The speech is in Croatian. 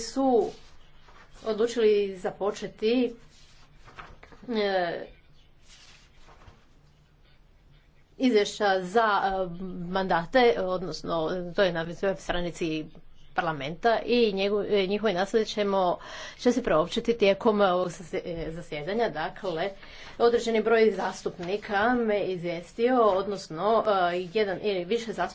su odlučili započeti e, izvješća za e, mandate, odnosno to je na web stranici parlamenta i e, njihove naslede ćemo, će se preopćiti tijekom ovog zasjedanja. Dakle, određeni broj zastupnika me izvijestio, odnosno jedan ili više zastupnika